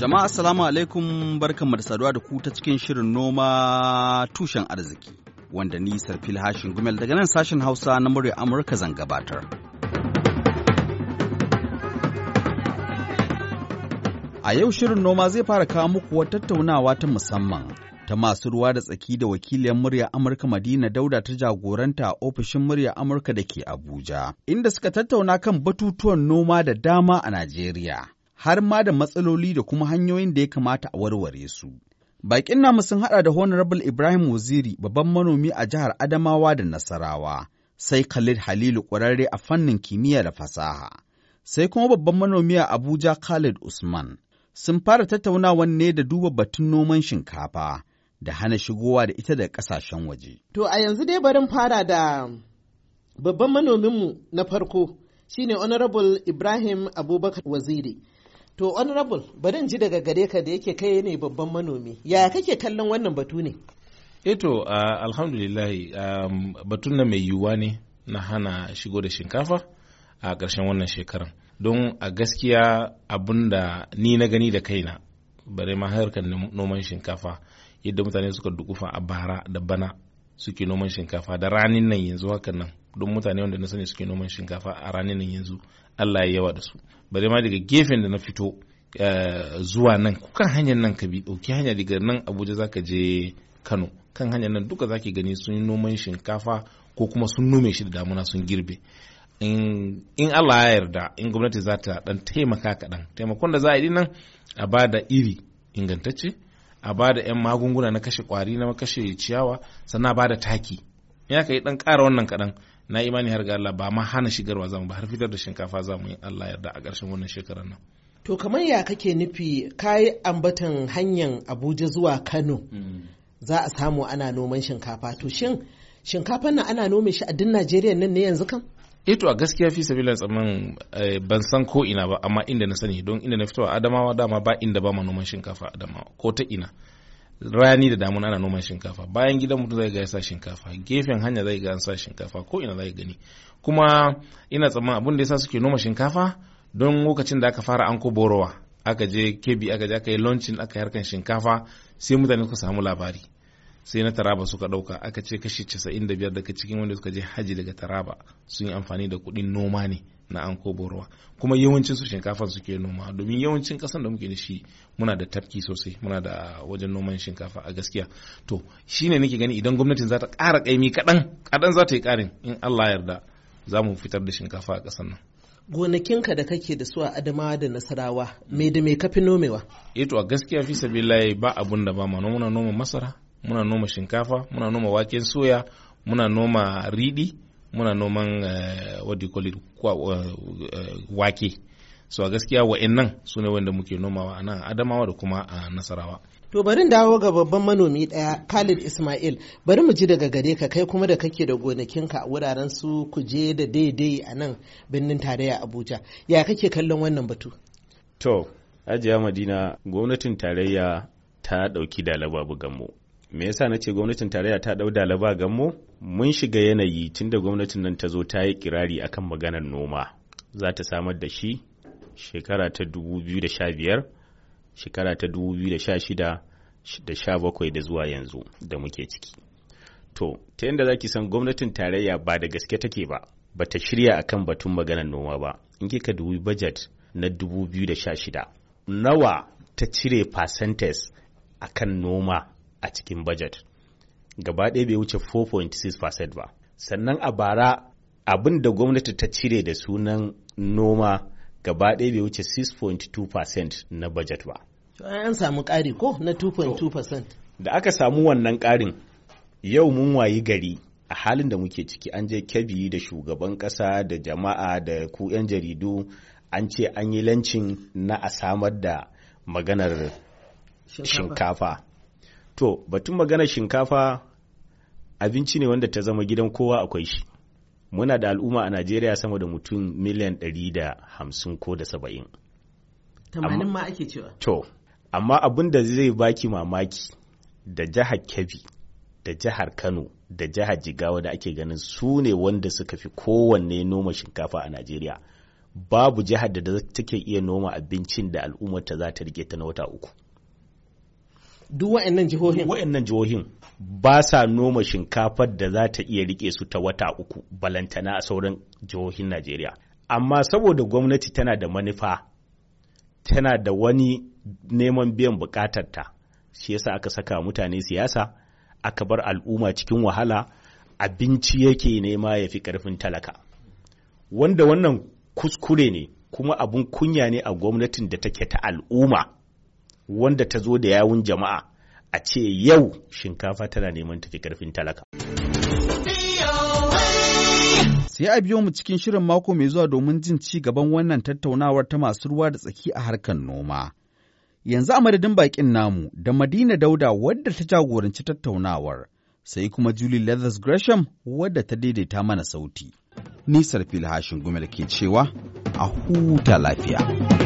Jama'a assalamu alaikum barkanmu da saduwa da ku ta cikin shirin noma tushen arziki wanda ni Sarfil Hashin Gumel daga nan sashen Hausa na murya Amurka zan gabatar. A yau shirin noma zai fara kawo muku wata tattaunawa ta musamman ta masu ruwa da tsaki da wakiliyar murya Amurka Madina Dauda ta jagoranta a ofishin murya Amurka da ke Abuja, inda suka tattauna kan batutuwan noma da dama a Najeriya. har ma da matsaloli da kuma hanyoyin da ya kamata a warware su. Baƙin namu sun haɗa da Honorable Ibrahim Waziri babban manomi a jihar Adamawa da Nasarawa, sai Khalid Halilu ƙwararre a fannin kimiyya da fasaha, sai kuma babban manomi a Abuja Khalid Usman. Sun fara tattaunawan ne da duba batun noman shinkafa da hana shigowa da ita da ƙasashen waje. To a yanzu dai barin fara da babban manominmu na farko shine Honorable Ibrahim Abubakar Waziri. To honorable bari ji daga gare ka da yake kai ne babban manomi ya kake kallon wannan batu ne? Eto eh uh, alhamdulillah um, batun na mai yiwuwa ne na hana shigo da shinkafa a karshen ƙarshen wannan shekaran. Don a gaskiya abun da ni na gani da kaina bare ma harkar noman shinkafa yadda mutane suka dukufa a bara da bana suke noman shinkafa da ranin nan yanzu hakan nan don mutane wanda na sani suke noman shinkafa a ranar nan yanzu Allah ya yawa da su bare ma daga gefen da na fito eh, zuwa nan kan hanyar nan ka bi dauki hanya daga nan Abuja zaka je Kano kan hanyar nan duka zaki gani sun yi noman shinkafa ko kuma sun nome shi da damuna sun girbe in Allah ya yarda in gwamnati za ta dan taimaka kaɗan taimakon da za a yi nan a bada iri ingantacce a ba da 'yan magunguna na kashe kwari na kashe ciyawa sannan ba da taki ya ka yi dan ƙara wannan kaɗan na imani har ga Allah ba ma hana shigarwa zamu ba har fitar da shinkafa zamu yi Allah yarda a ƙarshen wannan shekarar nan to kamar ya kake nufi kai ambatan hanyar Abuja zuwa Kano mm. za a samu ana noman shinkafa to shin shinkafan nan ana nome shi a duk Najeriya nan ne yanzu kan eto eh a gaskiya fi sabila tsaman eh, ban san ko ina ba amma inda na sani don inda na fitowa Adamawa dama ba inda ba ma noman shinkafa Adamawa ko ta ina rani da damuna ana noman shinkafa bayan gidan mutum zai ga ya sa shinkafa gefen hanya zai ga an sa shinkafa ko ina zai gani kuma ina tsammanin abin da yasa suke noma shinkafa don lokacin da aka fara an ko borowa aka je kebi aka je aka yi launching aka yi harkan shinkafa sai mutane suka samu labari sai na taraba suka dauka aka ce kashi 95 daga cikin wanda suka je haji daga taraba sun yi amfani da kuɗin noma ne na an borowa kuma yawancin su shinkafan suke noma domin yawancin kasan da muke da shi muna da tafki sosai muna da wajen noman shinkafa a gaskiya to shine nake gani idan gwamnatin za ta kara kaimi kaɗan kadan za ta yi karin in Allah yarda za mu fitar da shinkafa a ƙasan nan gonakinka da kake da su a adamawa da nasarawa me da me kafi nomewa eh to a gaskiya fi sabilillahi ba abun da ba ma muna noma masara muna noma shinkafa muna noma waken soya muna noma riɗi muna noman uh, wake so a gaskiya wa'annan su ne wanda muke nomawa a nan adamawa da kuma a nasarawa to bari dawo ga babban manomi daya khalid ismail bari mu ji daga gare ka kai kuma da kake da gonakinka a wuraren su kuje da daidai a nan birnin tarayya abuja ya kake kallon wannan batu to ajiya madina gwamnatin tarayya ta ɗauki dalaba bugan mu me yasa na ce gwamnatin tarayya ta ɗau dalaba gammo mun shiga yanayi tun da gwamnatin nan ta zo ta yi kirari akan maganar noma za ta samar da shi shekara ta 2015 shekara ta 2016 da 17 da zuwa yanzu da muke ciki to ta yadda za ki san gwamnatin tarayya ba da gaske take ba ba ta shirya akan batun maganar noma ba in ka dubi budget na 2016 nawa ta cire percentage akan noma a cikin budget gaba ɗaya bai wuce 4.6% ba sannan a bara abin da gwamnati ta cire da sunan noma gaba ɗaya bai wuce 6.2% na budget ba an samu ƙari ko na 2.2% da aka samu wannan ƙarin yau mun wayi gari a halin da muke ciki an je kebi da shugaban ƙasa da jama'a da ku 'yan jaridu an ce an yi lancin na a samar da maganar shinkafa to batun magana shinkafa abinci ne wanda ta zama gidan kowa akwai shi muna da al'umma a najeriya sama da mutum miliyan ɗari da hamsin ko da saba'in tamanin ma ake cewa to amma abin da zai baki mamaki da jihar kebbi da jihar kano da jihar jigawa da ake ganin su ne wanda suka fi kowanne noma shinkafa a najeriya babu jihar da take iya noma abincin da al'ummar ta za ta rike ta na wata uku duk wa'annan jihohin wa'annan jihohin ba sa noma shinkafar da za ta iya rike su ta wata uku balantana a sauran jihohin Najeriya amma saboda gwamnati tana da manufa tana da wani neman biyan bukatar ta shi yasa aka saka mutane siyasa aka bar al'umma cikin wahala abinci yake nema ya fi karfin talaka wanda wannan kuskure ne kuma abun kunya ne a gwamnatin da take ta al'umma wanda ta zo da yawun jama'a a ce yau shinkafa tana neman tafi karfin talaka. Sai a biyo mu cikin shirin mako mai zuwa domin jin ci gaban wannan tattaunawar ta masu ruwa da tsaki a harkar noma. Yanzu a madadin bakin namu da Madina Dauda wadda ta jagoranci tattaunawar, sai kuma Julie Leathers Gresham wadda ta daidaita mana sauti. Nisar Filhashin Gumel ke cewa a huta lafiya.